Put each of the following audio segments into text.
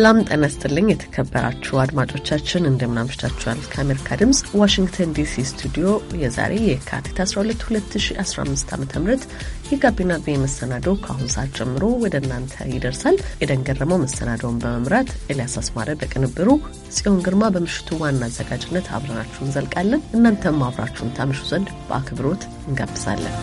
ሰላም ጤና ይስጥልኝ የተከበራችሁ አድማጮቻችን እንደምናምሽታችኋል። ከአሜሪካ ድምፅ ዋሽንግተን ዲሲ ስቱዲዮ የዛሬ የካቲት 12 2015 ዓ ም የጋቢና ቤ መሰናዶ ከአሁን ሰዓት ጀምሮ ወደ እናንተ ይደርሳል። ኤደን ገረመው መሰናዶውን በመምራት ኤልያስ አስማረ በቅንብሩ፣ ጽዮን ግርማ በምሽቱ ዋና አዘጋጅነት አብረናችሁ እንዘልቃለን። እናንተም አብራችሁን ታምሹ ዘንድ በአክብሮት እንጋብዛለን።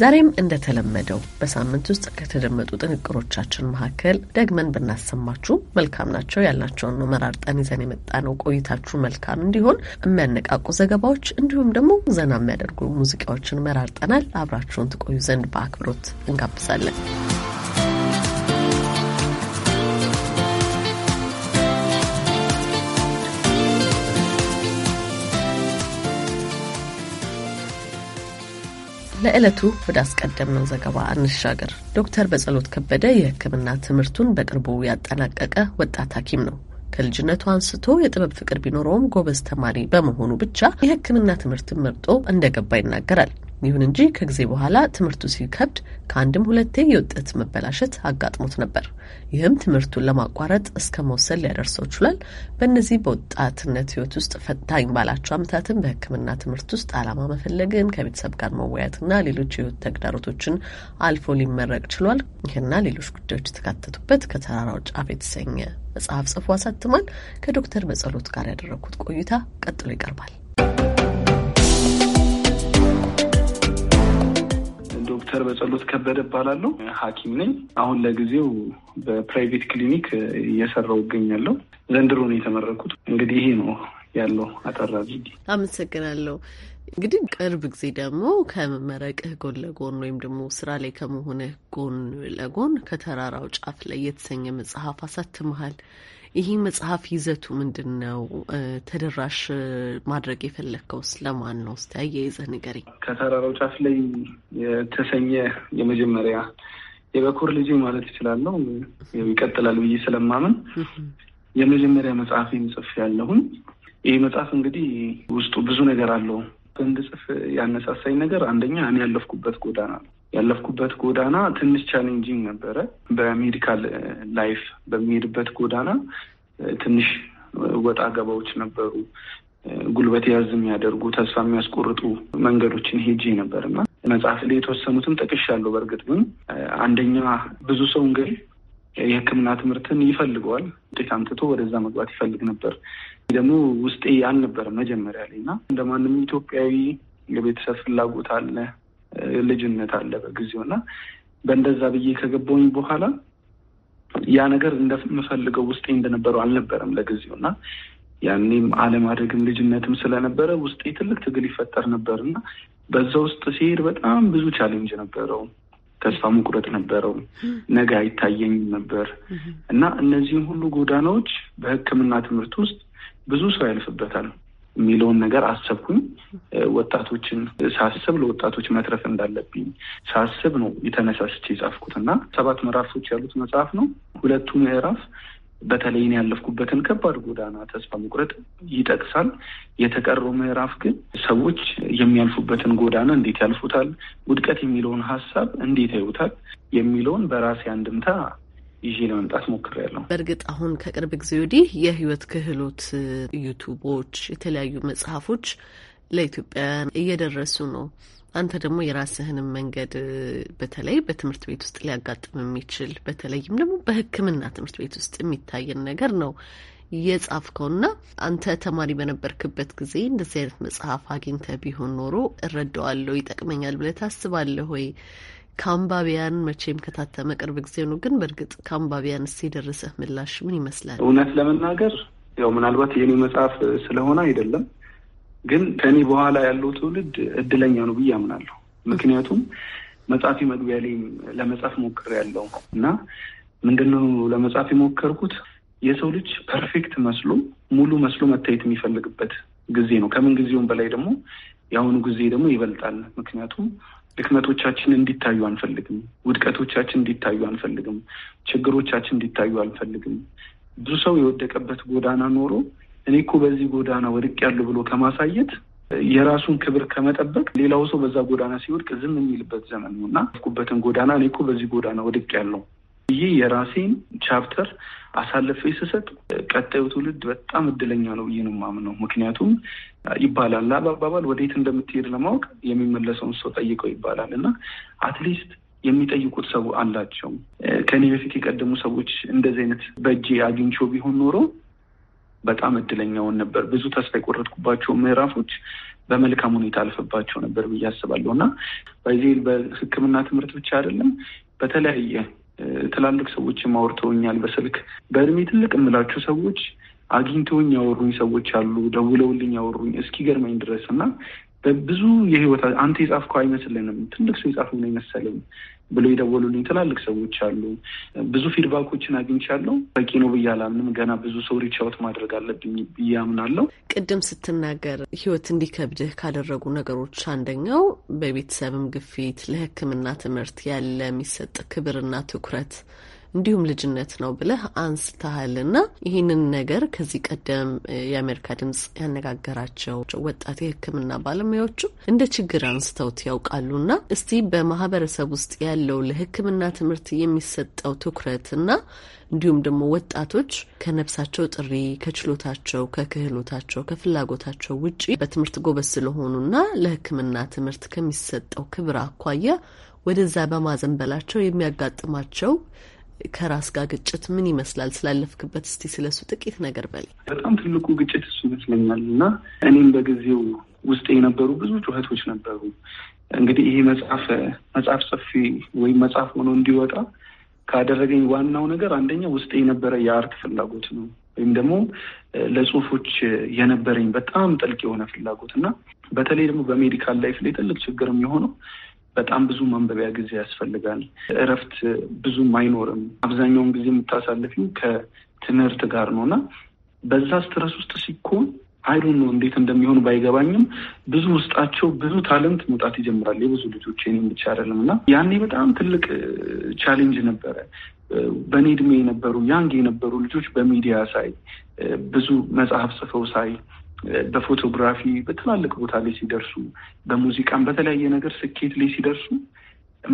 ዛሬም እንደተለመደው በሳምንት ውስጥ ከተደመጡ ጥንቅሮቻችን መካከል ደግመን ብናሰማችሁ መልካም ናቸው ያልናቸውን ነው መራርጠን ይዘን የመጣነው። ቆይታችሁ መልካም እንዲሆን የሚያነቃቁ ዘገባዎች እንዲሁም ደግሞ ዘና የሚያደርጉ ሙዚቃዎችን መራርጠናል። አብራችሁን ትቆዩ ዘንድ በአክብሮት እንጋብዛለን። ለዕለቱ ወደ አስቀደምነው ዘገባ እንሻገር። ዶክተር በጸሎት ከበደ የሕክምና ትምህርቱን በቅርቡ ያጠናቀቀ ወጣት ሐኪም ነው። ከልጅነቱ አንስቶ የጥበብ ፍቅር ቢኖረውም ጎበዝ ተማሪ በመሆኑ ብቻ የሕክምና ትምህርትን መርጦ እንደገባ ይናገራል። ይሁን እንጂ ከጊዜ በኋላ ትምህርቱ ሲከብድ ከአንድም ሁለቴ የውጤት መበላሸት አጋጥሞት ነበር። ይህም ትምህርቱን ለማቋረጥ እስከ መውሰድ ሊያደርሰው ችሏል። በእነዚህ በወጣትነት ህይወት ውስጥ ፈታኝ ባላቸው አመታትን በህክምና ትምህርት ውስጥ አላማ መፈለግን፣ ከቤተሰብ ጋር መወያየትና ሌሎች የህይወት ተግዳሮቶችን አልፎ ሊመረቅ ችሏል። ይህና ሌሎች ጉዳዮች የተካተቱበት ከተራራው ጫፍ የተሰኘ መጽሐፍ ጽፎ አሳትሟል። ከዶክተር በጸሎት ጋር ያደረግኩት ቆይታ ቀጥሎ ይቀርባል። ዶክተር በጸሎት ከበደ እባላለሁ። ሐኪም ነኝ። አሁን ለጊዜው በፕራይቬት ክሊኒክ እየሰራው እገኛለሁ። ዘንድሮ ነው የተመረኩት። እንግዲህ ይሄ ነው ያለው አጠራ። አመሰግናለሁ። እንግዲህ ቅርብ ጊዜ ደግሞ ከመመረቅህ ጎን ለጎን ወይም ደግሞ ስራ ላይ ከመሆንህ ጎን ለጎን ከተራራው ጫፍ ላይ የተሰኘ መጽሐፍ አሳትመሃል። ይህ መጽሐፍ ይዘቱ ምንድን ነው? ተደራሽ ማድረግ የፈለግከውስ ለማን ነው? እስቲ አያይዘህ ንገረኝ። ከተራራው ጫፍ ላይ የተሰኘ የመጀመሪያ የበኩር ልጅ ማለት ይችላለሁ ይቀጥላል ብዬ ስለማምን የመጀመሪያ መጽሐፍ ጽፍ ያለሁኝ። ይህ መጽሐፍ እንግዲህ ውስጡ ብዙ ነገር አለው። እንድጽፍ ያነሳሳኝ ነገር አንደኛ እኔ ያለፍኩበት ጎዳና ነው። ያለፍኩበት ጎዳና ትንሽ ቻሌንጂንግ ነበረ። በሜዲካል ላይፍ በሚሄድበት ጎዳና ትንሽ ወጣ ገባዎች ነበሩ። ጉልበት ያዝ የሚያደርጉ ተስፋ የሚያስቆርጡ መንገዶችን ሄጄ ነበር እና መጽሐፍ ላይ የተወሰኑትም ጥቅሽ ያለው በእርግጥ ግን አንደኛ ብዙ ሰው እንግዲህ የሕክምና ትምህርትን ይፈልገዋል። ውጤት አምጥቶ ወደዛ መግባት ይፈልግ ነበር። ደግሞ ውስጤ አልነበረም መጀመሪያ ላይ እና እንደማንም ኢትዮጵያዊ የቤተሰብ ፍላጎት አለ ልጅነት አለ በጊዜው እና በእንደዛ ብዬ ከገባኝ በኋላ ያ ነገር እንደምፈልገው ውስጤ እንደነበረው አልነበረም ለጊዜው እና ያኔም አለማደግም ልጅነትም ስለነበረ ውስጤ ትልቅ ትግል ይፈጠር ነበር እና በዛ ውስጥ ሲሄድ በጣም ብዙ ቻሌንጅ ነበረው። ተስፋ መቁረጥ ነበረው። ነገ አይታየኝም ነበር እና እነዚህን ሁሉ ጎዳናዎች በሕክምና ትምህርት ውስጥ ብዙ ሰው ያልፍበታል የሚለውን ነገር አሰብኩኝ። ወጣቶችን ሳስብ ለወጣቶች መትረፍ እንዳለብኝ ሳስብ ነው የተነሳስቼ የጻፍኩት እና ሰባት ምዕራፎች ያሉት መጽሐፍ ነው። ሁለቱ ምዕራፍ በተለይ እኔ ያለፍኩበትን ከባድ ጎዳና ተስፋ መቁረጥ ይጠቅሳል። የተቀረው ምዕራፍ ግን ሰዎች የሚያልፉበትን ጎዳና እንዴት ያልፉታል፣ ውድቀት የሚለውን ሀሳብ እንዴት ያዩታል የሚለውን በራሴ አንድምታ ይዤ ለመምጣት ሞክሬያለሁ። በእርግጥ አሁን ከቅርብ ጊዜ ወዲህ የህይወት ክህሎት ዩቱቦች፣ የተለያዩ መጽሐፎች ለኢትዮጵያውያን እየደረሱ ነው። አንተ ደግሞ የራስህንም መንገድ በተለይ በትምህርት ቤት ውስጥ ሊያጋጥም የሚችል በተለይም ደግሞ በሕክምና ትምህርት ቤት ውስጥ የሚታየን ነገር ነው የጻፍከውና አንተ ተማሪ በነበርክበት ጊዜ እንደዚህ አይነት መጽሐፍ አግኝተ ቢሆን ኖሮ እረዳዋለሁ፣ ይጠቅመኛል ብለህ ታስባለህ ወይ? ከአንባቢያን መቼም ከታተመ ቅርብ ጊዜ ነው፣ ግን በእርግጥ ከአንባቢያን ስ የደረሰህ ምላሽ ምን ይመስላል? እውነት ለመናገር ያው ምናልባት የኔ መጽሐፍ ስለሆነ አይደለም ግን ከኔ በኋላ ያለው ትውልድ እድለኛ ነው ብዬ አምናለሁ። ምክንያቱም መጽሐፊ መግቢያ ላይ ለመጻፍ ያለው እና ምንድነው ለመጻፍ የሞከርኩት የሰው ልጅ ፐርፌክት መስሎ ሙሉ መስሎ መታየት የሚፈልግበት ጊዜ ነው። ከምን ጊዜውም በላይ ደግሞ የአሁኑ ጊዜ ደግሞ ይበልጣል። ምክንያቱም ድክመቶቻችን እንዲታዩ አንፈልግም፣ ውድቀቶቻችን እንዲታዩ አንፈልግም፣ ችግሮቻችን እንዲታዩ አንፈልግም። ብዙ ሰው የወደቀበት ጎዳና ኖሮ እኔ እኮ በዚህ ጎዳና ወድቅ ያሉ ብሎ ከማሳየት የራሱን ክብር ከመጠበቅ ሌላው ሰው በዛ ጎዳና ሲወድቅ ዝም የሚልበት ዘመን ነው እና ያልኩበትን ጎዳና እኔ እኮ በዚህ ጎዳና ወድቅ ያለው ይህ የራሴን ቻፕተር አሳልፈ ስሰጥ ቀጣዩ ትውልድ በጣም እድለኛ ነው ብዬ ነው የማምነው። ምክንያቱም ይባላል አባባል ወዴት እንደምትሄድ ለማወቅ የሚመለሰውን ሰው ጠይቀው ይባላል እና አትሊስት የሚጠይቁት ሰው አላቸው። ከእኔ በፊት የቀደሙ ሰዎች እንደዚህ አይነት በእጄ አግኝቼው ቢሆን ኖሮ በጣም እድለኛውን ነበር። ብዙ ተስፋ የቆረጥኩባቸው ምዕራፎች በመልካም ሁኔታ አልፈባቸው ነበር ብዬ አስባለሁ እና በዚህ በሕክምና ትምህርት ብቻ አይደለም በተለያየ ትላልቅ ሰዎችም አውርተውኛል በስልክ በእድሜ ትልቅ የምላቸው ሰዎች አግኝተውኝ ያወሩኝ ሰዎች አሉ፣ ደውለውልኝ ያወሩኝ እስኪገርመኝ ድረስ እና በብዙ የህይወት አንተ የጻፍከው አይመስልንም ትልቅ ሰው የጻፈው ነው ይመሰለኝ ብሎ የደወሉልኝ ትላልቅ ሰዎች አሉ። ብዙ ፊድባኮችን አግኝቻለሁ። በቂ ነው ብዬ አላምንም። ገና ብዙ ሰው ሪቻውት ማድረግ አለብኝ ብዬ አምናለሁ። ቅድም ስትናገር ህይወት እንዲከብድህ ካደረጉ ነገሮች አንደኛው በቤተሰብም ግፊት ለህክምና ትምህርት ያለ የሚሰጥ ክብርና ትኩረት እንዲሁም ልጅነት ነው ብለህ አንስተሃልና ይህንን ነገር ከዚህ ቀደም የአሜሪካ ድምጽ ያነጋገራቸው ወጣት የሕክምና ባለሙያዎቹ እንደ ችግር አንስተውት ያውቃሉና እስቲ በማህበረሰብ ውስጥ ያለው ለሕክምና ትምህርት የሚሰጠው ትኩረትና እንዲሁም ደግሞ ወጣቶች ከነፍሳቸው ጥሪ ከችሎታቸው፣ ከክህሎታቸው፣ ከፍላጎታቸው ውጪ በትምህርት ጎበዝ ስለሆኑና ለህክምና ትምህርት ከሚሰጠው ክብር አኳያ ወደዛ በማዘንበላቸው የሚያጋጥማቸው ከራስ ጋር ግጭት ምን ይመስላል? ስላለፍክበት እስቲ ስለሱ ጥቂት ነገር በል። በጣም ትልቁ ግጭት እሱ ይመስለኛል። እና እኔም በጊዜው ውስጥ የነበሩ ብዙ ጩኸቶች ነበሩ። እንግዲህ ይሄ መጽሐፍ መጽሐፍ ጽፊ ወይም መጽሐፍ ሆኖ እንዲወጣ ካደረገኝ ዋናው ነገር አንደኛ ውስጥ የነበረ የአርት ፍላጎት ነው ወይም ደግሞ ለጽሁፎች የነበረኝ በጣም ጥልቅ የሆነ ፍላጎት እና በተለይ ደግሞ በሜዲካል ላይፍ ላይ ትልቅ ችግር የሚሆነው በጣም ብዙ ማንበቢያ ጊዜ ያስፈልጋል። እረፍት ብዙም አይኖርም። አብዛኛውን ጊዜ የምታሳልፊው ከትምህርት ጋር ነው እና በዛ ስትረስ ውስጥ ሲኮን አይሉን ነው እንዴት እንደሚሆን ባይገባኝም ብዙ ውስጣቸው ብዙ ታለንት መውጣት ይጀምራል። የብዙ ልጆች ኔ ብቻ አይደለም እና ያኔ በጣም ትልቅ ቻሌንጅ ነበረ። በእኔ እድሜ የነበሩ ያንግ የነበሩ ልጆች በሚዲያ ሳይ፣ ብዙ መጽሐፍ ጽፈው ሳይ፣ በፎቶግራፊ በትላልቅ ቦታ ላይ ሲደርሱ፣ በሙዚቃም በተለያየ ነገር ስኬት ላይ ሲደርሱ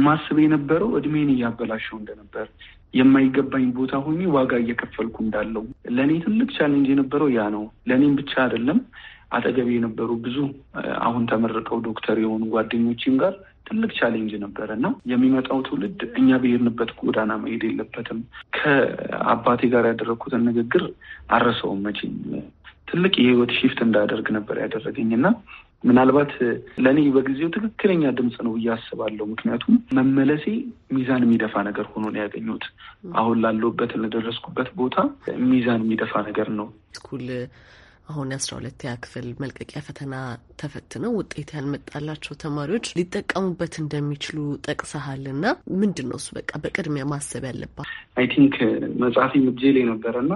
ማስብ የነበረው እድሜን እያበላሸው እንደነበር የማይገባኝ ቦታ ሆኜ ዋጋ እየከፈልኩ እንዳለው ለእኔ ትልቅ ቻሌንጅ የነበረው ያ ነው። ለእኔም ብቻ አይደለም አጠገቤ የነበሩ ብዙ አሁን ተመርቀው ዶክተር የሆኑ ጓደኞችም ጋር ትልቅ ቻሌንጅ ነበረ እና የሚመጣው ትውልድ እኛ ብሄድንበት ጎዳና መሄድ የለበትም። ከአባቴ ጋር ያደረግኩትን ንግግር አረሰውም መቼም ትልቅ የህይወት ሺፍት እንዳደርግ ነበር ያደረገኝ እና ምናልባት ለእኔ በጊዜው ትክክለኛ ድምፅ ነው ብዬ አስባለሁ። ምክንያቱም መመለሴ ሚዛን የሚደፋ ነገር ሆኖ ነው ያገኙት። አሁን ላለሁበት ለደረስኩበት ቦታ ሚዛን የሚደፋ ነገር ነው። ስኩል አሁን የአስራ ሁለተኛ ክፍል መልቀቂያ ፈተና ተፈትነው ውጤት ያልመጣላቸው ተማሪዎች ሊጠቀሙበት እንደሚችሉ ጠቅሰሃል እና ምንድን ነው እሱ በቃ በቅድሚያ ማሰብ ያለባት አይ ቲንክ መጽሐፊ ምጄ ላይ ነበረ እና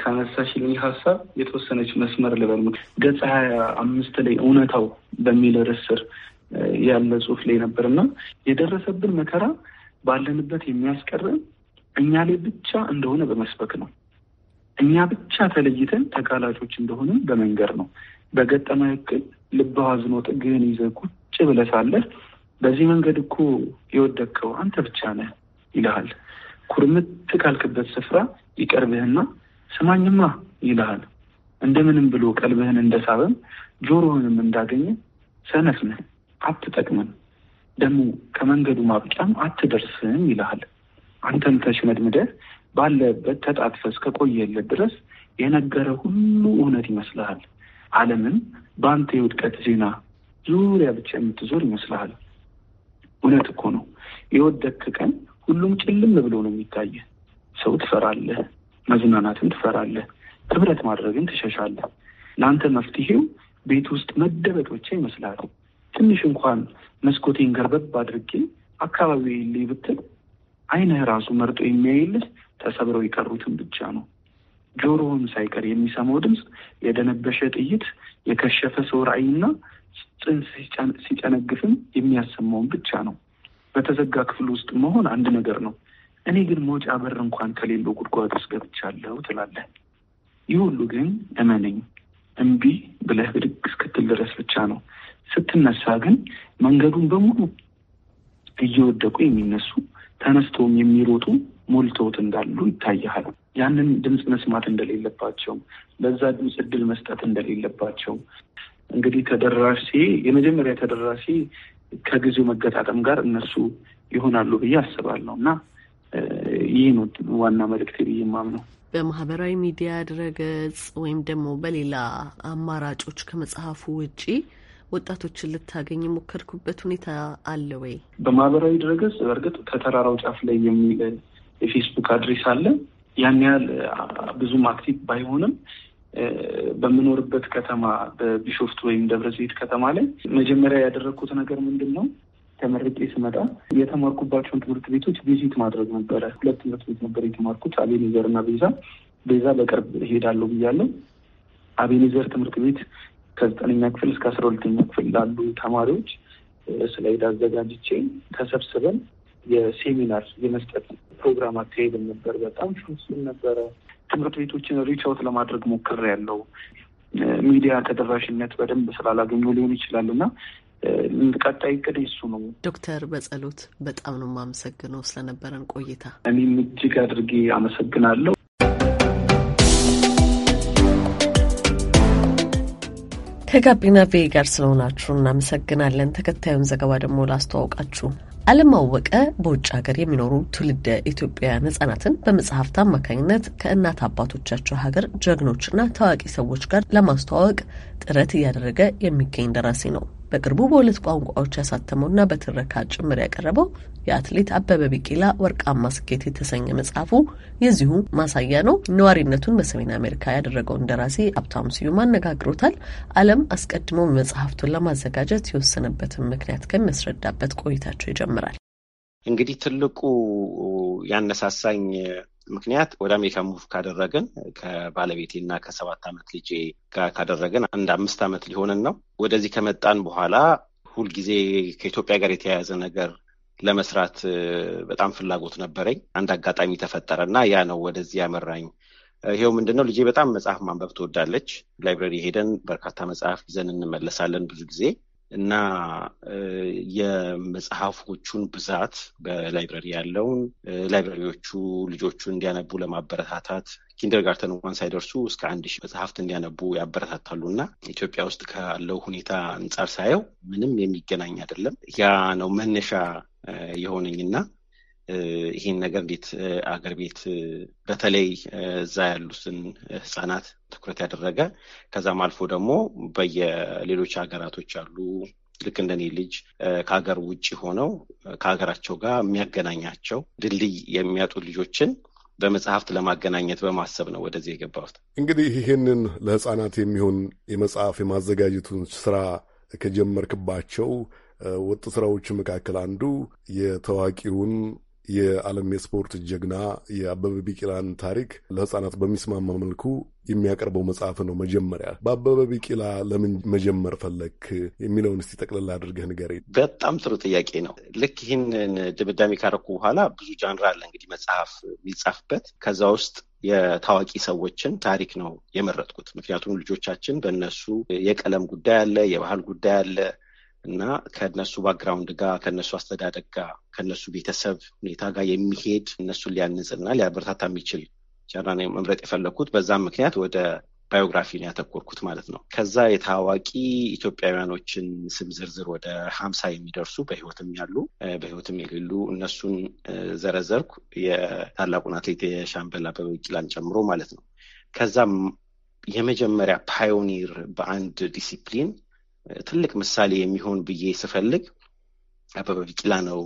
ካነሳሽልኝ ሀሳብ የተወሰነች መስመር ልበል ገጽ ሀያ አምስት ላይ እውነታው በሚል ርዕስ ስር ያለ ጽሁፍ ላይ ነበር እና የደረሰብን መከራ ባለንበት የሚያስቀርን እኛ ላይ ብቻ እንደሆነ በመስበክ ነው። እኛ ብቻ ተለይተን ተጋላጮች እንደሆነ በመንገር ነው። በገጠመ እክል ልብ አዝኖ ጥግህን ይዘ ቁጭ ብለህ ሳለህ በዚህ መንገድ እኮ የወደቅከው አንተ ብቻ ነህ ይልሃል። ኩርምት ካልክበት ስፍራ ይቀርብህና ስማኝማ ይልሃል። እንደምንም ብሎ ቀልብህን እንደሳበም ጆሮህንም እንዳገኘ ሰነፍ ነህ፣ አትጠቅምም፣ ደግሞ ከመንገዱ ማብቂያም አትደርስም ይልሃል። አንተን ተሽመድምደህ ባለበት ተጣጥፈህ እስከቆየለት ድረስ የነገረ ሁሉ እውነት ይመስልሃል። ዓለምም በአንተ የውድቀት ዜና ዙሪያ ብቻ የምትዞር ይመስልሃል። እውነት እኮ ነው። የወደክ ቀን ሁሉም ጭልም ብሎ ነው የሚታየ ሰው ትፈራለህ፣ መዝናናትን ትፈራለህ፣ ህብረት ማድረግን ትሸሻለህ። ለአንተ መፍትሄው ቤት ውስጥ መደበቅ ብቻ ይመስላል። ትንሽ እንኳን መስኮቴን ገርበብ አድርጌ አካባቢ ልይ ብትል አይነህ ራሱ መርጦ የሚያይልህ ተሰብረው የቀሩትን ብቻ ነው። ጆሮውን ሳይቀር የሚሰማው ድምፅ የደነበሸ ጥይት፣ የከሸፈ ሰው ራዕይና ጽንስ ሲጨነግፍም የሚያሰማውን ብቻ ነው። በተዘጋ ክፍል ውስጥ መሆን አንድ ነገር ነው። እኔ ግን መውጫ በር እንኳን ከሌለው ጉድጓድ ውስጥ ገብቻለሁ ትላለህ። ይህ ሁሉ ግን እመነኝ እምቢ ብለህ ብድግ እስክትል ድረስ ብቻ ነው። ስትነሳ ግን መንገዱን በሙሉ እየወደቁ የሚነሱ ተነስተውም የሚሮጡ ሞልተውት እንዳሉ ይታይሃል። ያንን ድምፅ መስማት እንደሌለባቸው፣ ለዛ ድምፅ እድል መስጠት እንደሌለባቸው እንግዲህ ተደራሴ የመጀመሪያ ተደራሴ ከጊዜው መገጣጠም ጋር እነሱ ይሆናሉ ብዬ አስባለሁ እና ይህ ነው ዋና መልእክት ብዬ የማምነው። በማህበራዊ ሚዲያ ድረገጽ ወይም ደግሞ በሌላ አማራጮች ከመጽሐፉ ውጪ ወጣቶችን ልታገኝ የሞከርኩበት ሁኔታ አለ ወይ? በማህበራዊ ድረገጽ በእርግጥ ከተራራው ጫፍ ላይ የሚል የፌስቡክ አድሬስ አለ። ያን ያህል ብዙም አክቲቭ ባይሆንም በምኖርበት ከተማ በቢሾፍት ወይም ደብረ ዘይት ከተማ ላይ መጀመሪያ ያደረግኩት ነገር ምንድን ነው ተመርቄ ስመጣ የተማርኩባቸውን ትምህርት ቤቶች ቪዚት ማድረግ ነበረ። ሁለት ትምህርት ቤት ነበር የተማርኩት፣ አቤኔዘር እና ቤዛ። ቤዛ በቅርብ እሄዳለሁ ብያለሁ። አቤኔዘር ትምህርት ቤት ከዘጠነኛ ክፍል እስከ አስራ ሁለተኛ ክፍል ላሉ ተማሪዎች ስላይድ አዘጋጅቼ ተሰብስበን የሴሚናር የመስጠት ፕሮግራም አካሄድን ነበር። በጣም ሹስም ነበረ። ትምህርት ቤቶችን ሪች አውት ለማድረግ ሞክሬያለሁ። ሚዲያ ተደራሽነት በደንብ ስላላገኘ ሊሆን ይችላል እና ቀጣይ እቅድ እሱ ነው። ዶክተር በጸሎት በጣም ነው የማመሰግነው ስለነበረን ቆይታ። እኔም እጅግ አድርጌ አመሰግናለሁ። ከጋቢና ቬ ጋር ስለሆናችሁ እናመሰግናለን። ተከታዩን ዘገባ ደግሞ ላስተዋውቃችሁ። አለማወቀ በውጭ ሀገር የሚኖሩ ትውልደ ኢትዮጵያውያን ህጻናትን በመጽሐፍት አማካኝነት ከእናት አባቶቻቸው ሀገር ጀግኖችና ታዋቂ ሰዎች ጋር ለማስተዋወቅ ጥረት እያደረገ የሚገኝ ደራሲ ነው። በቅርቡ በሁለት ቋንቋዎች ያሳተመውና በትረካ ጭምር ያቀረበው የአትሌት አበበ ቢቂላ ወርቃማ ስኬት የተሰኘ መጽሐፉ የዚሁ ማሳያ ነው። ነዋሪነቱን በሰሜን አሜሪካ ያደረገው እንደራሴ ሀብታሙ ስዩም አነጋግሮታል። አለም አስቀድሞ መጽሐፍቱን ለማዘጋጀት የወሰነበትን ምክንያት ከሚያስረዳበት ቆይታቸው ይጀምራል። እንግዲህ ትልቁ ያነሳሳኝ ምክንያት ወደ አሜሪካ ሙቭ ካደረግን ከባለቤቴ እና ከሰባት ዓመት ልጄ ጋር ካደረግን አንድ አምስት ዓመት ሊሆንን ነው። ወደዚህ ከመጣን በኋላ ሁልጊዜ ከኢትዮጵያ ጋር የተያያዘ ነገር ለመስራት በጣም ፍላጎት ነበረኝ። አንድ አጋጣሚ ተፈጠረ እና ያ ነው ወደዚህ ያመራኝ። ይሄው ምንድን ነው ልጄ በጣም መጽሐፍ ማንበብ ትወዳለች። ላይብረሪ ሄደን በርካታ መጽሐፍ ይዘን እንመለሳለን ብዙ ጊዜ እና የመጽሐፎቹን ብዛት በላይብረሪ ያለውን ላይብረሪዎቹ ልጆቹ እንዲያነቡ ለማበረታታት ኪንደርጋርተን እንኳን ሳይደርሱ እስከ አንድ ሺህ መጽሐፍት እንዲያነቡ ያበረታታሉ እና ኢትዮጵያ ውስጥ ካለው ሁኔታ አንጻር ሳየው ምንም የሚገናኝ አይደለም። ያ ነው መነሻ የሆነኝና ይህን ነገር እንዴት አገር ቤት በተለይ እዛ ያሉትን ህጻናት ትኩረት ያደረገ ከዛም አልፎ ደግሞ በየሌሎች ሀገራቶች ያሉ ልክ እንደኔ ልጅ ከሀገር ውጭ ሆነው ከሀገራቸው ጋር የሚያገናኛቸው ድልድይ የሚያጡ ልጆችን በመጽሐፍት ለማገናኘት በማሰብ ነው ወደዚህ የገባሁት። እንግዲህ ይህንን ለህጻናት የሚሆን የመጽሐፍ የማዘጋጀቱን ስራ ከጀመርክባቸው ወጥ ስራዎች መካከል አንዱ የታዋቂውን የዓለም የስፖርት ጀግና የአበበ ቢቂላን ታሪክ ለሕፃናት በሚስማማ መልኩ የሚያቀርበው መጽሐፍ ነው። መጀመሪያ በአበበ ቢቂላ ለምን መጀመር ፈለክ የሚለውን እስቲ ጠቅልላ አድርገህ ንገረኝ። በጣም ጥሩ ጥያቄ ነው። ልክ ይህንን ድምዳሜ ካረኩ በኋላ ብዙ ጃንራ አለ እንግዲህ መጽሐፍ የሚጻፍበት ከዛ ውስጥ የታዋቂ ሰዎችን ታሪክ ነው የመረጥኩት። ምክንያቱም ልጆቻችን በእነሱ የቀለም ጉዳይ አለ፣ የባህል ጉዳይ አለ፣ እና ከነሱ ባክግራውንድ ጋር ከነሱ አስተዳደግ ጋር ከነሱ ቤተሰብ ሁኔታ ጋር የሚሄድ እነሱን ሊያንጽና ሊያበረታታ የሚችል ጀራ መምረጥ የፈለግኩት በዛም ምክንያት ወደ ባዮግራፊ ነው ያተኮርኩት ማለት ነው። ከዛ የታዋቂ ኢትዮጵያውያኖችን ስም ዝርዝር ወደ ሀምሳ የሚደርሱ በህይወትም ያሉ በህይወትም የሌሉ እነሱን ዘረዘርኩ የታላቁን አትሌት የሻምበል አበበ ቢቂላን ጨምሮ ማለት ነው። ከዛም የመጀመሪያ ፓዮኒር በአንድ ዲሲፕሊን ትልቅ ምሳሌ የሚሆን ብዬ ስፈልግ አበበ ቢቂላ ነው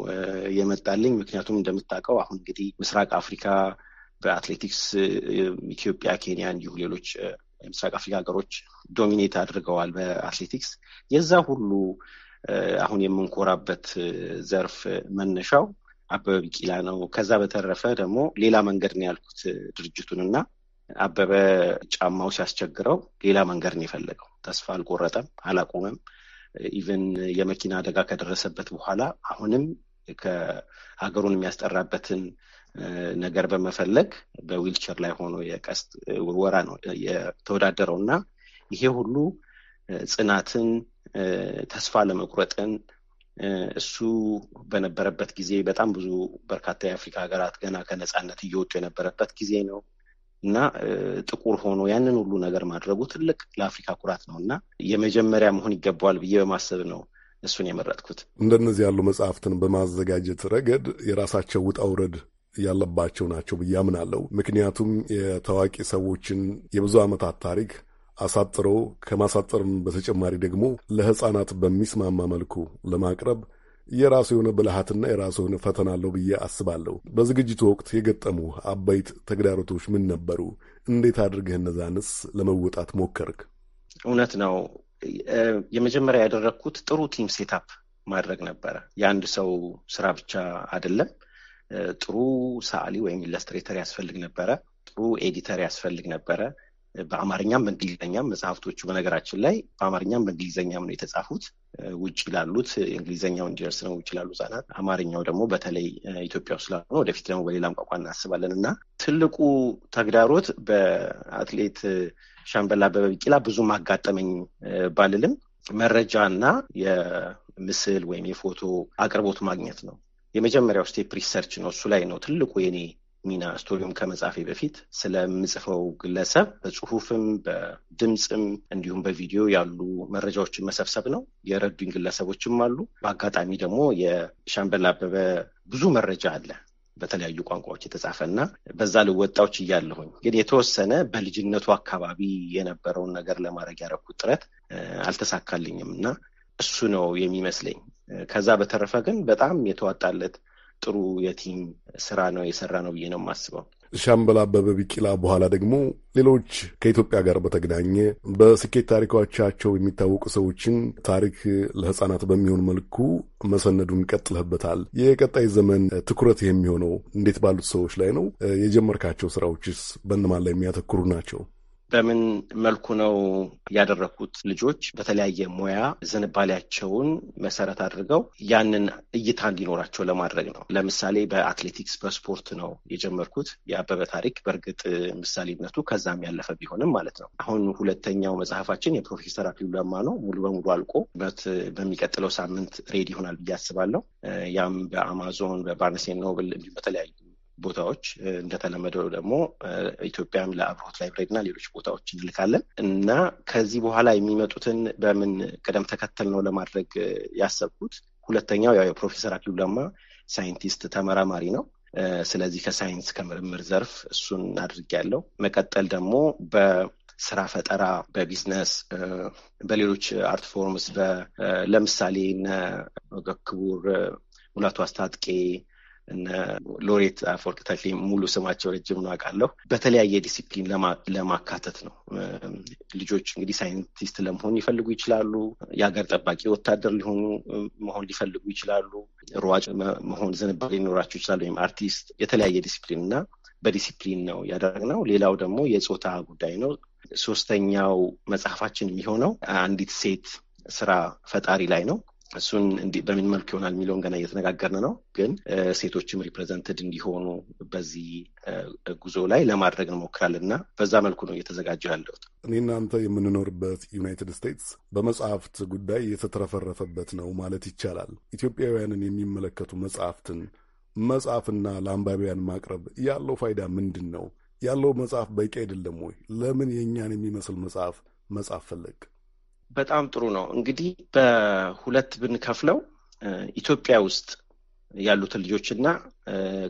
የመጣልኝ። ምክንያቱም እንደምታውቀው አሁን እንግዲህ ምስራቅ አፍሪካ በአትሌቲክስ ኢትዮጵያ፣ ኬንያ እንዲሁም ሌሎች የምስራቅ አፍሪካ ሀገሮች ዶሚኔት አድርገዋል በአትሌቲክስ። የዛ ሁሉ አሁን የምንኮራበት ዘርፍ መነሻው አበበ ቢቂላ ነው። ከዛ በተረፈ ደግሞ ሌላ መንገድ ነው ያልኩት ድርጅቱን እና አበበ ጫማው ሲያስቸግረው ሌላ መንገድ ነው የፈለገው ተስፋ አልቆረጠም፣ አላቆመም። ኢቨን የመኪና አደጋ ከደረሰበት በኋላ አሁንም ከሀገሩን የሚያስጠራበትን ነገር በመፈለግ በዊልቸር ላይ ሆኖ የቀስት ውርወራ ነው የተወዳደረው እና ይሄ ሁሉ ጽናትን፣ ተስፋ ለመቁረጥን እሱ በነበረበት ጊዜ በጣም ብዙ በርካታ የአፍሪካ ሀገራት ገና ከነፃነት እየወጡ የነበረበት ጊዜ ነው። እና ጥቁር ሆኖ ያንን ሁሉ ነገር ማድረጉ ትልቅ ለአፍሪካ ኩራት ነው እና የመጀመሪያ መሆን ይገባዋል ብዬ በማሰብ ነው እሱን የመረጥኩት። እንደነዚህ ያሉ መጽሐፍትን በማዘጋጀት ረገድ የራሳቸው ውጣ ውረድ ያለባቸው ናቸው ብዬ አምናለሁ። ምክንያቱም የታዋቂ ሰዎችን የብዙ ዓመታት ታሪክ አሳጥሮ ከማሳጠርም በተጨማሪ ደግሞ ለሕፃናት በሚስማማ መልኩ ለማቅረብ የራሱ የሆነ ብልሃትና የራሱ የሆነ ፈተና አለው ብዬ አስባለሁ። በዝግጅቱ ወቅት የገጠሙ አበይት ተግዳሮቶች ምን ነበሩ? እንዴት አድርገህ እነዛንስ ለመወጣት ሞከርክ? እውነት ነው። የመጀመሪያ ያደረግኩት ጥሩ ቲም ሴታፕ ማድረግ ነበረ። የአንድ ሰው ስራ ብቻ አይደለም። ጥሩ ሰዓሊ ወይም ኢለስትሬተር ያስፈልግ ነበረ። ጥሩ ኤዲተር ያስፈልግ ነበረ። በአማርኛም በእንግሊዝኛም መጽሐፍቶቹ በነገራችን ላይ በአማርኛም በእንግሊዝኛም ነው የተጻፉት። ውጭ ላሉት እንግሊዝኛው እንዲደርስ ነው ውጭ ላሉ ህጻናት። አማርኛው ደግሞ በተለይ ኢትዮጵያ ውስጥ ላሉ ወደፊት ደግሞ በሌላም ቋንቋ እናስባለን እና ትልቁ ተግዳሮት በአትሌት ሻምበል አበበ ቢቂላ ብዙም አጋጠመኝ ባልልም መረጃ እና የምስል ወይም የፎቶ አቅርቦት ማግኘት ነው። የመጀመሪያው ስቴፕ ሪሰርች ነው። እሱ ላይ ነው ትልቁ የኔ ሚና ስቶሪውም ከመጻፌ በፊት ስለምጽፈው ግለሰብ በጽሁፍም በድምፅም እንዲሁም በቪዲዮ ያሉ መረጃዎችን መሰብሰብ ነው። የረዱኝ ግለሰቦችም አሉ። በአጋጣሚ ደግሞ የሻምበል አበበ ብዙ መረጃ አለ በተለያዩ ቋንቋዎች የተጻፈ እና በዛ ልወጣዎች እያለሁኝ ግን የተወሰነ በልጅነቱ አካባቢ የነበረውን ነገር ለማድረግ ያደረኩት ጥረት አልተሳካልኝም እና እሱ ነው የሚመስለኝ። ከዛ በተረፈ ግን በጣም የተዋጣለት ጥሩ የቲም ስራ ነው የሰራ ነው ብዬ ነው የማስበው። ሻምበል አበበ ቢቂላ በኋላ ደግሞ ሌሎች ከኢትዮጵያ ጋር በተገናኘ በስኬት ታሪኮቻቸው የሚታወቁ ሰዎችን ታሪክ ለሕፃናት በሚሆን መልኩ መሰነዱን ቀጥለህበታል። የቀጣይ ዘመን ትኩረት የሚሆነው እንዴት ባሉት ሰዎች ላይ ነው? የጀመርካቸው ስራዎችስ በእነማን ላይ የሚያተኩሩ ናቸው? በምን መልኩ ነው ያደረኩት? ልጆች በተለያየ ሙያ ዝንባሌያቸውን መሰረት አድርገው ያንን እይታ እንዲኖራቸው ለማድረግ ነው። ለምሳሌ በአትሌቲክስ በስፖርት ነው የጀመርኩት። የአበበ ታሪክ በእርግጥ ምሳሌነቱ ከዛም ያለፈ ቢሆንም ማለት ነው። አሁን ሁለተኛው መጽሐፋችን የፕሮፌሰር አክሊሉ ለማ ነው። ሙሉ በሙሉ አልቆ በሚቀጥለው ሳምንት ሬድ ይሆናል ብዬ አስባለሁ። ያም በአማዞን በባርነሴን ኖብል በተለያዩ ቦታዎች እንደተለመደው ደግሞ ኢትዮጵያም ለአብሮት ላይብረሪ እና ሌሎች ቦታዎች እንልካለን እና ከዚህ በኋላ የሚመጡትን በምን ቅደም ተከተል ነው ለማድረግ ያሰብኩት። ሁለተኛው ያው የፕሮፌሰር አክሊሉ ለማ ሳይንቲስት ተመራማሪ ነው። ስለዚህ ከሳይንስ ከምርምር ዘርፍ እሱን አድርጌያለሁ። መቀጠል ደግሞ በስራ ፈጠራ፣ በቢዝነስ፣ በሌሎች አርት ፎርምስ ለምሳሌ ክቡር ሙላቱ አስታጥቄ እነ ሎሬት አፈወርቅ ተክሌ ሙሉ ስማቸው ረጅም ነው አውቃለሁ። በተለያየ ዲሲፕሊን ለማካተት ነው። ልጆች እንግዲህ ሳይንቲስት ለመሆን ሊፈልጉ ይችላሉ። የሀገር ጠባቂ ወታደር ሊሆኑ መሆን ሊፈልጉ ይችላሉ። ሯጭ መሆን ዝንባሌ ሊኖራቸው ይችላሉ። ወይም አርቲስት፣ የተለያየ ዲሲፕሊን እና በዲሲፕሊን ነው ያደረግነው። ሌላው ደግሞ የፆታ ጉዳይ ነው። ሶስተኛው መጽሐፋችን የሚሆነው አንዲት ሴት ስራ ፈጣሪ ላይ ነው። እሱን በምን መልኩ ይሆናል የሚለውን ገና እየተነጋገርን ነው። ግን ሴቶችም ሪፕሬዘንትድ እንዲሆኑ በዚህ ጉዞ ላይ ለማድረግ እንሞክራለን እና በዛ መልኩ ነው እየተዘጋጀው ያለሁት። እኔ እናንተ የምንኖርበት ዩናይትድ ስቴትስ በመጽሐፍት ጉዳይ የተትረፈረፈበት ነው ማለት ይቻላል። ኢትዮጵያውያንን የሚመለከቱ መጽሐፍትን መጽሐፍና ለአንባቢያን ማቅረብ ያለው ፋይዳ ምንድን ነው? ያለው መጽሐፍ በቂ አይደለም ወይ? ለምን የእኛን የሚመስል መጽሐፍ መጽሐፍ ፈለግ በጣም ጥሩ ነው። እንግዲህ በሁለት ብንከፍለው ኢትዮጵያ ውስጥ ያሉትን ልጆች እና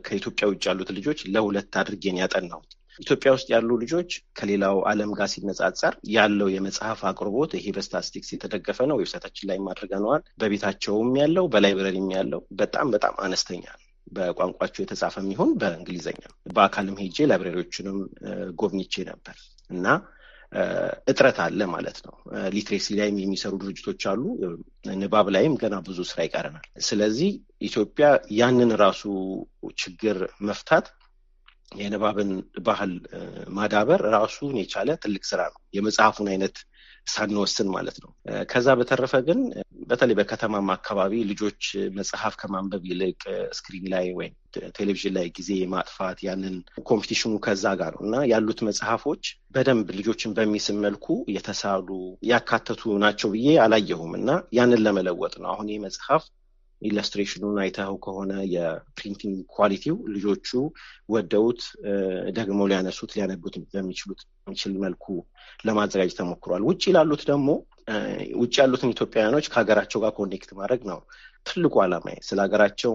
ከኢትዮጵያ ውጭ ያሉትን ልጆች ለሁለት አድርጌን ያጠናሁት። ኢትዮጵያ ውስጥ ያሉ ልጆች ከሌላው ዓለም ጋር ሲነጻጸር ያለው የመጽሐፍ አቅርቦት ይሄ በስታስቲክስ የተደገፈ ነው። ዌብሳይታችን ላይ አድርገነዋል። በቤታቸውም ያለው በላይብረሪም ያለው በጣም በጣም አነስተኛ ነው። በቋንቋቸው የተጻፈ የሚሆን በእንግሊዝኛ በአካልም ሄጄ ላይብረሪዎችንም ጎብኝቼ ነበር እና እጥረት አለ ማለት ነው። ሊትሬሲ ላይም የሚሰሩ ድርጅቶች አሉ። ንባብ ላይም ገና ብዙ ስራ ይቀረናል። ስለዚህ ኢትዮጵያ ያንን ራሱ ችግር መፍታት የንባብን ባህል ማዳበር ራሱን የቻለ ትልቅ ስራ ነው። የመጽሐፉን አይነት ሳንወስን ማለት ነው። ከዛ በተረፈ ግን በተለይ በከተማም አካባቢ ልጆች መጽሐፍ ከማንበብ ይልቅ ስክሪን ላይ ወይም ቴሌቪዥን ላይ ጊዜ የማጥፋት ያንን ኮምፒቲሽኑ ከዛ ጋር ነው እና ያሉት መጽሐፎች በደንብ ልጆችን በሚስብ መልኩ የተሳሉ ያካተቱ ናቸው ብዬ አላየሁም እና ያንን ለመለወጥ ነው አሁን ይህ መጽሐፍ ኢላስትሬሽኑን አይተው ከሆነ የፕሪንቲንግ ኳሊቲው ልጆቹ ወደውት ደግሞ ሊያነሱት ሊያነቡት በሚችሉት የሚችል መልኩ ለማዘጋጀት ተሞክሯል። ውጭ ላሉት ደግሞ ውጭ ያሉትን ኢትዮጵያውያኖች ከሀገራቸው ጋር ኮኔክት ማድረግ ነው ትልቁ ዓላማ። ስለ ሀገራቸው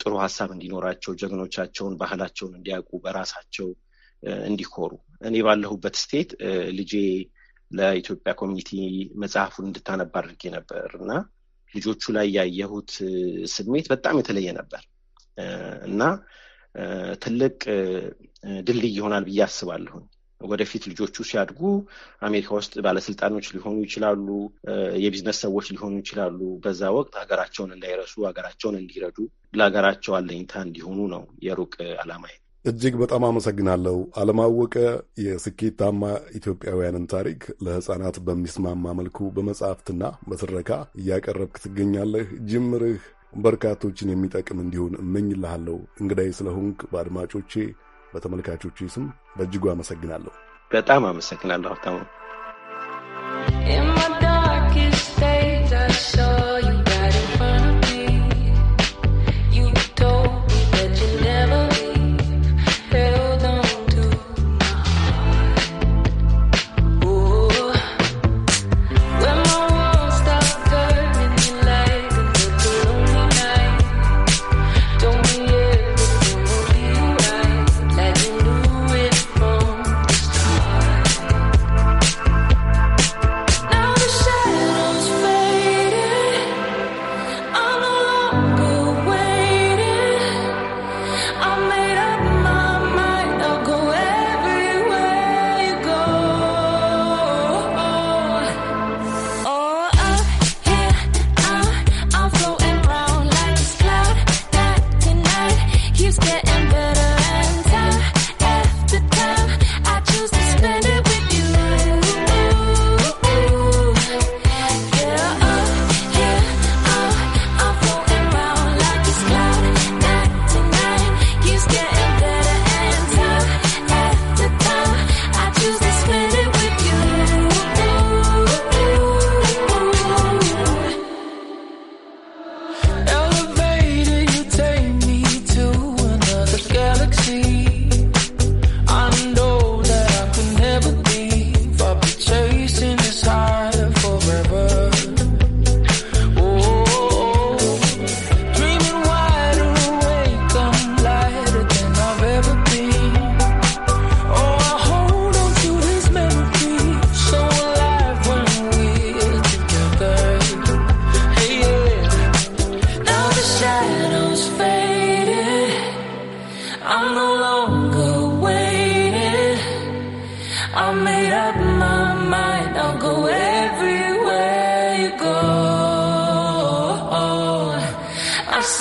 ጥሩ ሀሳብ እንዲኖራቸው፣ ጀግኖቻቸውን፣ ባህላቸውን እንዲያውቁ፣ በራሳቸው እንዲኮሩ እኔ ባለሁበት ስቴት ልጄ ለኢትዮጵያ ኮሚኒቲ መጽሐፉን እንድታነባ አድርጌ ነበር እና ልጆቹ ላይ ያየሁት ስሜት በጣም የተለየ ነበር እና ትልቅ ድልድይ ይሆናል ብዬ አስባለሁኝ። ወደፊት ልጆቹ ሲያድጉ አሜሪካ ውስጥ ባለስልጣኖች ሊሆኑ ይችላሉ፣ የቢዝነስ ሰዎች ሊሆኑ ይችላሉ። በዛ ወቅት ሀገራቸውን እንዳይረሱ፣ ሀገራቸውን እንዲረዱ፣ ለሀገራቸው አለኝታ እንዲሆኑ ነው የሩቅ ዓላማ እጅግ በጣም አመሰግናለሁ አለማወቀ። የስኬታማ ኢትዮጵያውያንን ታሪክ ለሕፃናት በሚስማማ መልኩ በመጽሐፍትና በትረካ እያቀረብክ ትገኛለህ። ጅምርህ በርካቶችን የሚጠቅም እንዲሆን እመኝልሃለሁ። እንግዳይ ስለሆንክ በአድማጮቼ በተመልካቾቼ ስም በእጅጉ አመሰግናለሁ። በጣም አመሰግናለሁ ሀብታሙ።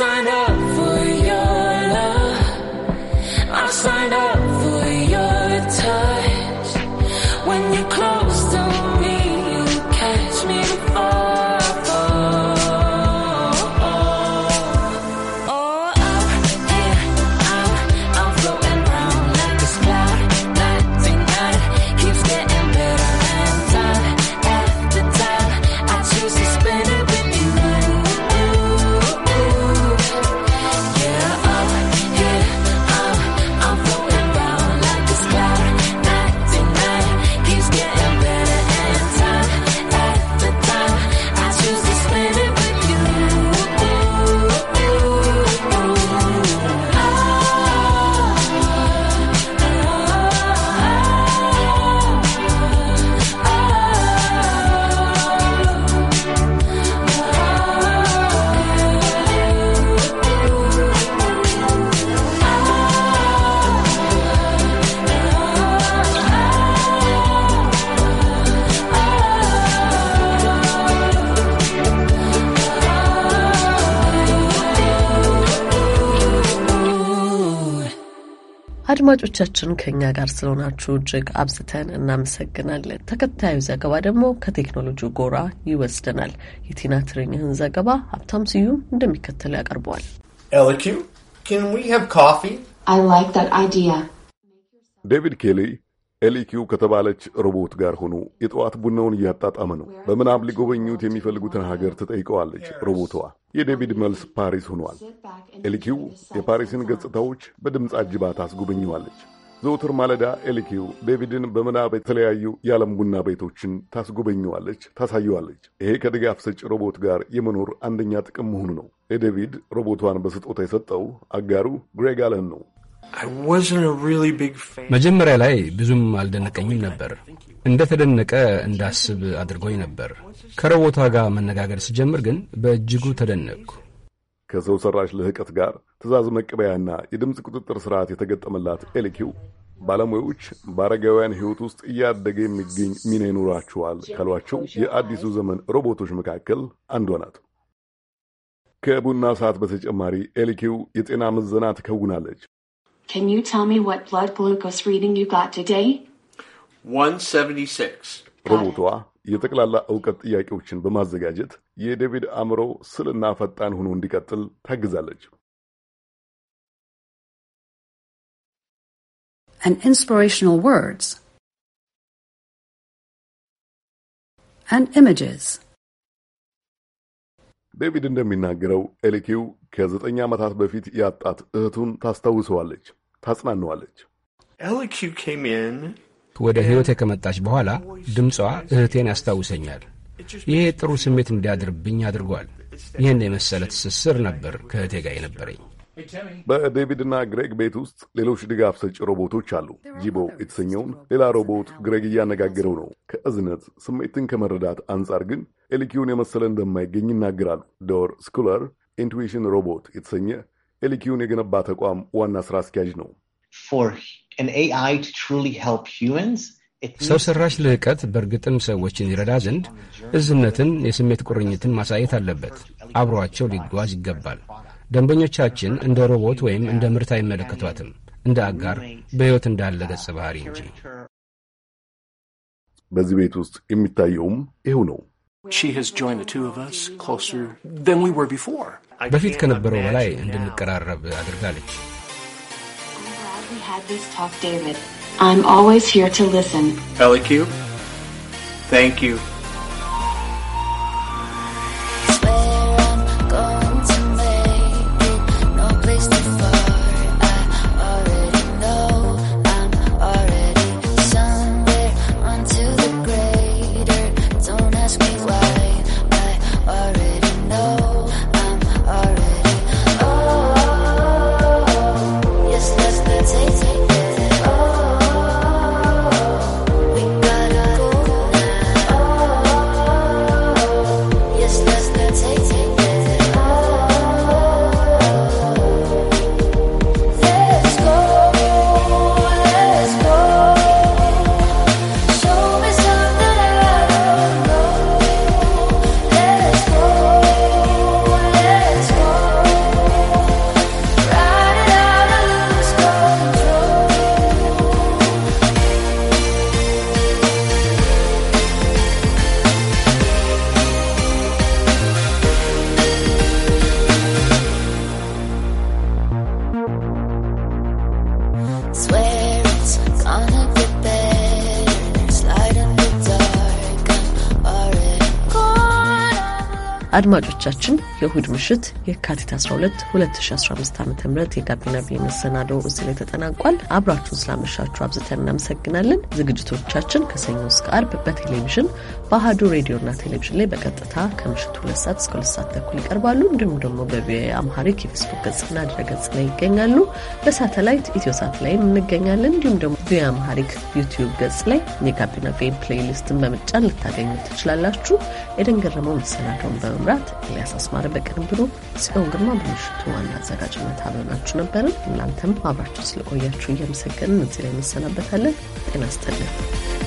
sign up. አድማጮቻችን ከኛ ጋር ስለሆናችሁ እጅግ አብዝተን እናመሰግናለን። ተከታዩ ዘገባ ደግሞ ከቴክኖሎጂ ጎራ ይወስደናል። የቲና ትርኝህን ዘገባ ሀብታም ስዩም እንደሚከተለው ያቀርበዋል። ዴቪድ ኬሊ ኤሊኪው ከተባለች ሮቦት ጋር ሆኖ የጠዋት ቡናውን እያጣጣመ ነው። በምናብ ሊጎበኙት የሚፈልጉትን ሀገር ትጠይቀዋለች ሮቦቷ። የዴቪድ መልስ ፓሪስ ሆኗል። ኤሊኪው የፓሪስን ገጽታዎች በድምፅ አጅባ ታስጎበኘዋለች። ዘውትር ማለዳ ኤሊኪው ዴቪድን በምናብ የተለያዩ የዓለም ቡና ቤቶችን ታስጎበኘዋለች፣ ታሳየዋለች። ይሄ ከድጋፍ ሰጭ ሮቦት ጋር የመኖር አንደኛ ጥቅም መሆኑ ነው። የዴቪድ ሮቦቷን በስጦታ የሰጠው አጋሩ ግሬግ አለን ነው። መጀመሪያ ላይ ብዙም አልደነቀኝም ነበር። እንደተደነቀ እንዳስብ አድርጎኝ ነበር። ከሮቦቷ ጋር መነጋገር ስጀምር ግን በእጅጉ ተደነቅኩ። ከሰው ሰራሽ ልህቀት ጋር ትእዛዝ መቀበያና የድምፅ ቁጥጥር ስርዓት የተገጠመላት ኤሊኪው ባለሙያዎች በአረጋውያን ሕይወት ውስጥ እያደገ የሚገኝ ሚና ይኖራቸዋል ካሏቸው የአዲሱ ዘመን ሮቦቶች መካከል አንዷ ናት። ከቡና ሰዓት በተጨማሪ ኤሊኪው የጤና ምዘና ትከውናለች። Can you tell me what blood glucose reading you got today? 176 ሮቦቷ የጠቅላላ እውቀት ጥያቄዎችን በማዘጋጀት የዴቪድ አእምሮ ስልና ፈጣን ሆኖ እንዲቀጥል ታግዛለች። and inspirational words and images ዴቪድ እንደሚናገረው ኤሊኪው ከዘጠኝ ዓመታት በፊት ያጣት እህቱን ታስታውሰዋለች። ታጽናነዋለች። ወደ ሕይወቴ ከመጣች በኋላ ድምጿ እህቴን ያስታውሰኛል። ይሄ ጥሩ ስሜት እንዲያድርብኝ አድርጓል። ይህን የመሰለ ትስስር ነበር ከእህቴ ጋር የነበረኝ። በዴቪድና ግሬግ ቤት ውስጥ ሌሎች ድጋፍ ሰጪ ሮቦቶች አሉ። ጂቦ የተሰኘውን ሌላ ሮቦት ግሬግ እያነጋገረው ነው። ከእዝነት ስሜትን ከመረዳት አንጻር ግን ኤሊኪውን የመሰለ እንደማይገኝ ይናገራሉ። ዶር ስኩለር ኢንቱዊሽን ሮቦት የተሰኘ ኤሊኪውን የገነባ ተቋም ዋና ስራ አስኪያጅ ነው። ሰው ሰራሽ ልዕቀት በእርግጥም ሰዎችን ይረዳ ዘንድ እዝነትን፣ የስሜት ቁርኝትን ማሳየት አለበት። አብሯቸው ሊጓዝ ይገባል። ደንበኞቻችን እንደ ሮቦት ወይም እንደ ምርት አይመለከቷትም፣ እንደ አጋር፣ በሕይወት እንዳለ ገጸ ባህሪ እንጂ። በዚህ ቤት ውስጥ የሚታየውም ይኸው ነው። She has joined the two of us closer than we were before. በፊት ከነበረው በላይ እንድንቀራረብ አድርጋለች። I'm always here to listen. Ellie thank you. አድማጮቻችን የእሁድ ምሽት የካቲት 12 2015 ዓ ም የጋቢና ቪ መሰናዶ እዚህ ላይ ተጠናቋል። አብራችሁን ስላመሻችሁ አብዝተን እናመሰግናለን። ዝግጅቶቻችን ከሰኞ እስከ አርብ በቴሌቪዥን በአህዱ ሬዲዮና ቴሌቪዥን ላይ በቀጥታ ከምሽቱ ሁለት ሰዓት እስከ ሁለት ሰዓት ተኩል ይቀርባሉ። እንዲሁም ደግሞ በቪኦኤ አምሃሪክ የፌስቡክ ገጽና ድረገጽ ላይ ይገኛሉ። በሳተላይት ኢትዮሳት ላይ እንገኛለን። እንዲሁም ደግሞ ቪኦኤ አምሃሪክ ዩቲዩብ ገጽ ላይ የጋቢና ቪ ፕሌይሊስትን በምጫን ልታገኙ ትችላላችሁ። ኤደን ገረመው መሰናዶውን በመምራት ኤልያስ አስማረ በቅንብሩ ጽዮን ግርማ፣ በምሽቱ ዋና አዘጋጅነት አብረናችሁ ነበርን። እናንተም አብራችሁ ስለቆያችሁ እያመሰገንን እዚህ ላይ እንሰናበታለን። ጤና ይስጥልን።